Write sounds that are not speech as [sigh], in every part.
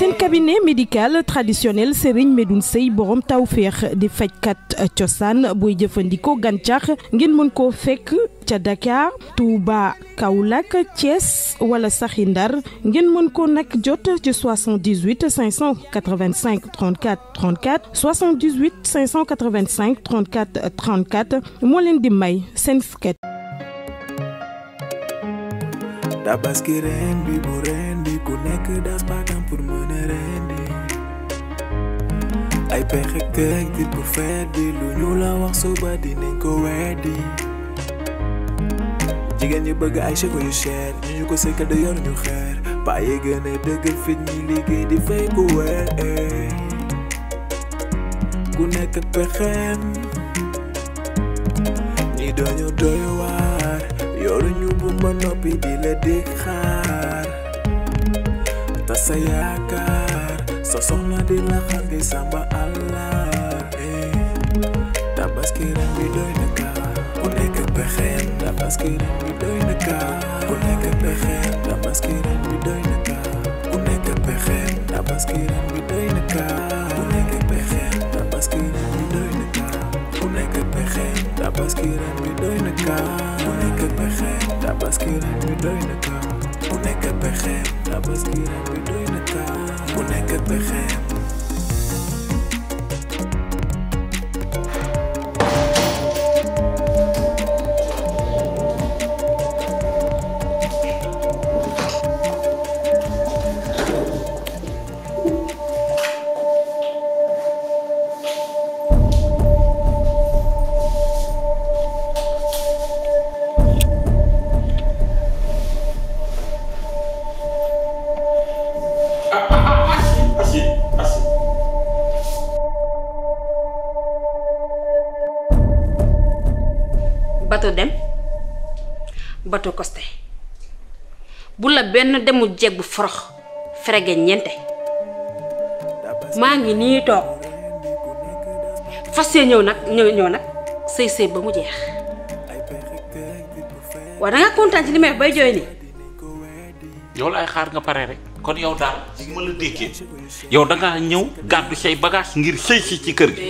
un cabinet médical traditionnel Serigne Medoun Sey borom tawféex di fajkat cosaan booy jeufandiko gàncax ngeen mën ko fekk ca Dakar Touba Kaolack Thiès wala Sakhindar Ndar ngeen ko nak jot ci 78 585 34 34 78 585 34 34 mo len di may sen Tabas ki rendi bu rendi ku nekk das bakkan pour mën rendi ay pexe teg di bu feet bi lu ñu la wax suba dinañ ko wedi Jigen ñi bëgg ay cheveux yu cher ñu ñu ko sekkal da yor ñu xeer bàyyi gën a dëggal fit ñi liggéey di fay ku weer eh. ku nekk pexeem ñi doñu doyuwaay Menopi di ledekar Tak sayakar te sa yaakaar di samba allah eh. Tak ren bi doy na kaa ku nekk pexeem tabaski ren bi doy na kaa ku nekk pexeem tabaski ren bi doy na kaa ku nekk pexeem tabaski ren tabaskiren bi doy na taal bu nekk pexeem tabaskiren bi doy na taal bu nekk pexeem bateau dem bateau costé bu la ben demu jeg bu forox frege ñenté ma ngi ni tok fassé ñew nak ñew ñew nak sey sey ba mu jeex wa da nga contant ci limay bay joy ni yow lay xaar nga paré rek kon yow daal ci ma la déké yow da nga ñew gaddu sey bagage ngir sey ci ci kër gi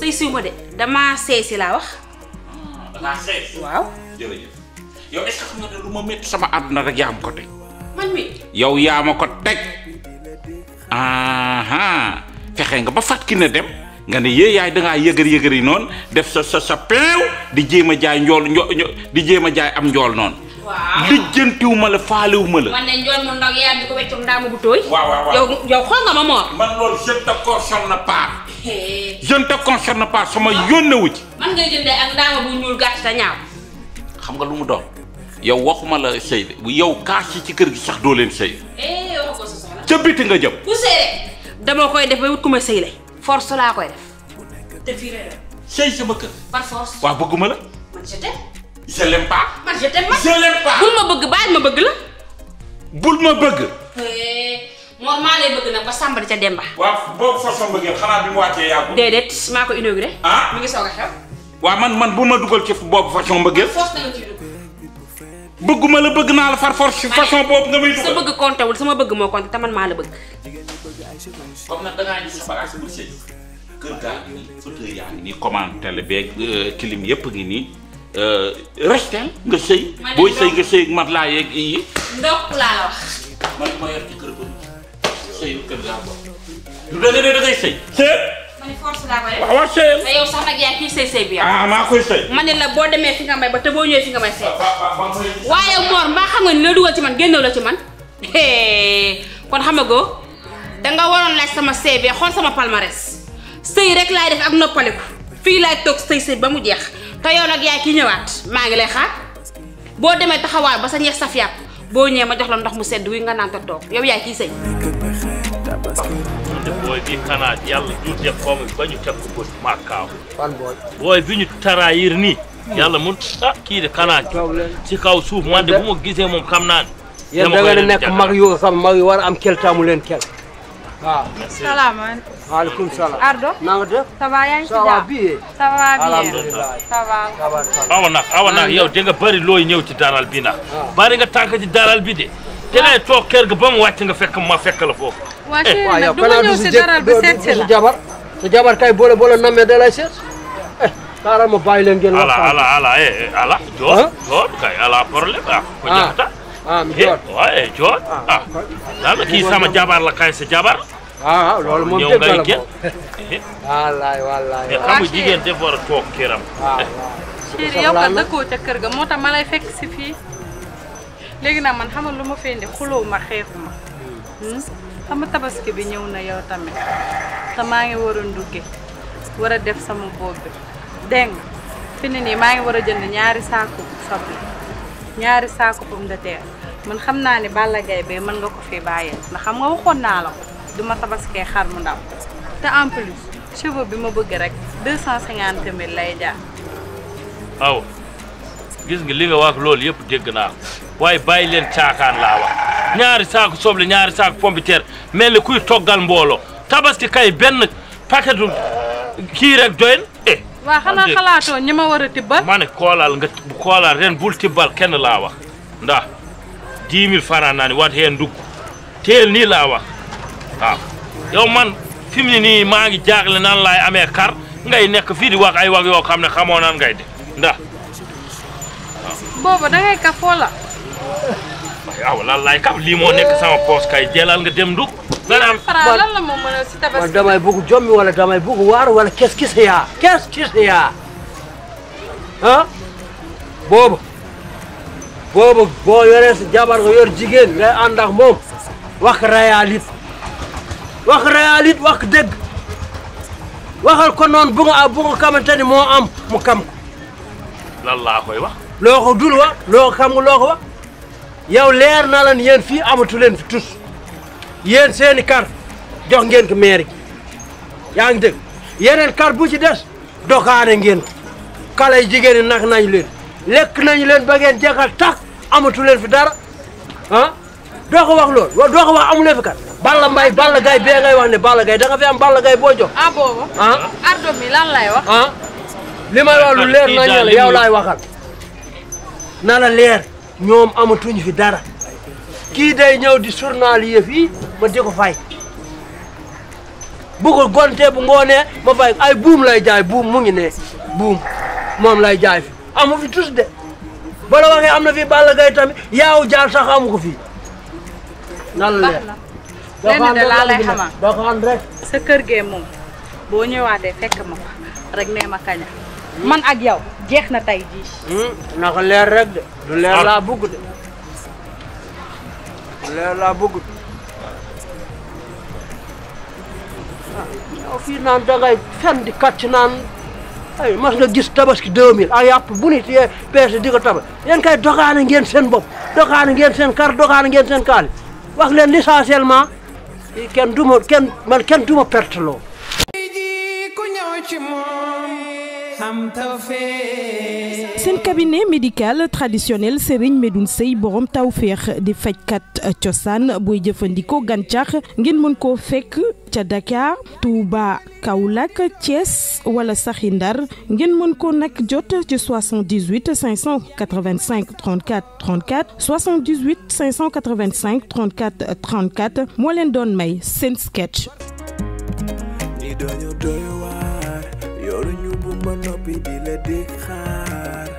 sey sey ma dé dama sey ci la wax la xeex. yow est-ce xam nga ne lu ma métti sama àdduna rek yaa ma ko teg. yow yaa ma ko teg. aha nga ba fàtki na dem. nga ne yee yaay dangaa yëgër yëgër noonu def sa sa sa peew di jéem a jaay njool njo di jéem a jaay am njool noonu. waaw ma la faalewu la. man yow xool nga ma moor. man loolu je te corsonne na part. je ne te concerne pas sama yónnewu ci. man ngay jëndee ak ndaama bu ñuul gàtt te ñaaw. xam nga lu mu doon yow waxuma la sëy de yow kaas yi ci kër gi sax doo leen sëy. Eh, ko sa soxla. ca biti nga jëm. ku sëy dama koy def wut ku ma sëy lay force laa koy def. sëy sama kër. par bëgguma la. bul ma bëgg baal ma bëgg la. bul ma bëgg. normal lay bëgg nag ba Samba di ca Demba. waaw boobu façon bëggee xanaa bi mu wàccee yàggul. inauguré. ah mi ngi soog xew. Ya. waaw man man bu ma ci boobu façon bëggee. bëgguma la bëgg la far force façon bob nga may dugal. sa bëgg compté wul sama bëgg moo compté te man maa la bëgg. comme nag da ngaa gis sa bagage bu sëñ. kër gaa ngi fauteuil yaa ngi commande télé clim ngi restel nga nga ak yi. la wax. man ma yor ci sëyul kër laa ko. du waaw sëy. te yow sax bi yow. ah ma la boo demee fi nga may ba te boo ñëwee fi nga may sëy. waaye Mor mbaa xam nga ni la dugal ci man génnoo la ci man. kon xam nga ko danga waroon laaj sama CV xool sama palmarès sëy rek laay def ak noppaliku fii laay toog sëy sëy ba mu jeex te yow nag yaay kii ñëwaat maa ngi lay xaar boo demee taxawaar ba sa ñeex saf yàpp boo ñëwee ma jox la ndox mu sedd wi nga naan ko toog yow yaay kii sëy boy bi kana yalla jutde komo bañu tekko bos makka fan boy boy biñu tara yirni yalla mun ta ah, kiide kana ci kaw suuf mande bu mo gisee mom xam naan yeen da nga nek mag yu xam mag yu war am keltamu len kel ha salam alaykum salam ardo na nga def tawa yang ci da bi tawa Awanak, alhamdulillah tawa awana awana yow de nga bari loy ñew ci daral bi na ah. bari nga tank daral bi de ah. dina tok ker ga bam wacc nga fekk waaw chéri nag du ma ñëw si dara bi seet si la jabar su jabar kay boole boole nammee da lay seet eh, xaaral ma bàyyi leen ngeen. ala ala ala eh, eh ala. joor joor kay ala problème ah. ko jaxata ah, ah eh, joor waaye joor ah. ah daanaka kii sama jabar la kay sa jabar. ah, ah loolu moom dëgg la moom [laughs] wallaay wallaay mais xam nga jigéen dafa war a toog këram. waaw yow kat dëkkoo ca kër ga moo tax ma lay fekk si fii léegi nag man xamal lu ma fee indi xuloo ma xeexu ma. Hmm? xam tabaski bi ñëw na yow tamit te maa ngi war a ndugge war a def sama boog bi dégg nga fi ne nii maa ngi war a jënd ñaari saaku soble ñaari saaku pomme de terre man xam naa ne Balla Gaye bee mën nga ko fi bàyyi ndax xam nga waxoon naa la ko duma ma xar mu ndaw te en plus bi ma bëgg rek deux cent cinquante mille lay jaar. waaw gis nga li nga wax loolu yëpp dégg naa waaye bàyyi leen caaxaan laa wax. ñaari saaku soble ñaari saaku pompiteer mel ni kuy toggal mbooloo tabaski kay benn paquetu kii rek doyen eh. waa xanaa xalaatoo ñi ma war a tibbal. ma ne koolal nga koolal ren bul tibbal kenn laa wax ndax 10 000 francs naa ne wat heen dugg teel nii laa wax waaw man fi mu ne nii maa ngi jaaxle nan laay amee kar ngay nekk fii di wax ay wax yoo xam ne xamoo nan ngay de ndax. boobu da ngay kafoo la. waaw lan laay kam lii moo nekk sama poos kay jëlal e, nga dem du nga naan la ma mën a si tabaski damay e bugg jommi wala damay e bugg waar wala qu'est-ce qui c'est yaa qu'est-ce qui c'est yaa ah boobu boobu boo yoree jabar nga yor jigéen ngay ànd ak wax wax wax waxal ko bu nga bu nga am mu kam koy wax dul xam nga wax yow leer na leen yéen fii amatu leen fi tus yéen seeni kar jox ngeen ko maire gi yaa ngi yeneen kar bu ci des dokaane ngeen kala xale jigéen ñi nag nañ leen lekk nañu leen ba ngeen jeexal tak amatu leen fi dara a ah? doo ko wax loolu doo ko wax amu leen fi kat Balla Mbaye Balla Gaye bee ngay wax ne Balla gay da fi am Balla Gaye boo jox ah boobu ah ardo lay wax ah li ma wax lu leer nañ la laay waxal na leer ñoom amatuñ fi dara kii day ñëw di journal yëf yi ma di ko fay bu ko gontee bu ngoonee ma fay ay buum lay jaay buum mu ngi ne buum moom lay jaay fi amu fi tus de bala waxee am na fi Balla Gaye tamit yaaw jaar sax amu ko fi nan la lenn de laa lay xamal kër gee moom boo ñëwaatee fekk ma fa nee ma kaña man ak yow jeex na ji jii. Hmm, naka leer rek du leer ah. la bugu de. leer laa bëgg. Ah, yow nan da ngay fen di kat nan ay mas nga gis tabaski 2000 ay app bu nit yee peese di ko tabal yéen kay doxaane ngeen sen bop doxaane ngeen sen kar doxaane ngeen sen kal wax len licenciement ken duma ma man ken duma ma perte Un cabinet médical traditionnel Serigne medun Sey borom tawféex di fajkat cosaan booy jëfandikoo gàncax ngeen mën koo fekk Dakar Touba Kaolack Thiès wala saxi ngeen 78 585 34 34 78 585 34 34 moo leen may sketch. bu ma noppi di la di xaar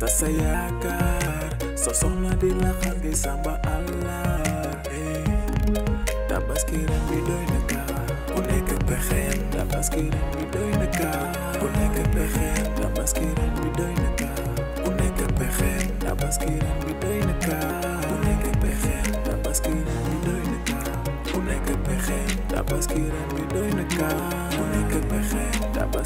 ta sa yaakaar sa soxla di la xar di sàmba àllaar tabaski ren bi doy na kaar ku nekk pexeem tabaski ren bi doy na kaar ku nekk pexeem tabaski ren bi doy na kaar ku nekk pexeem tabaski bi doy na kaar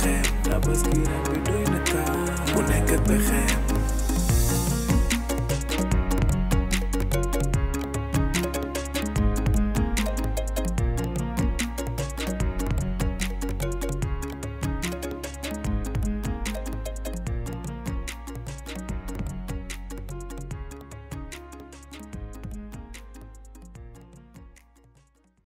pexeem tabaski ren bi doy na kaa ku nekk pexeem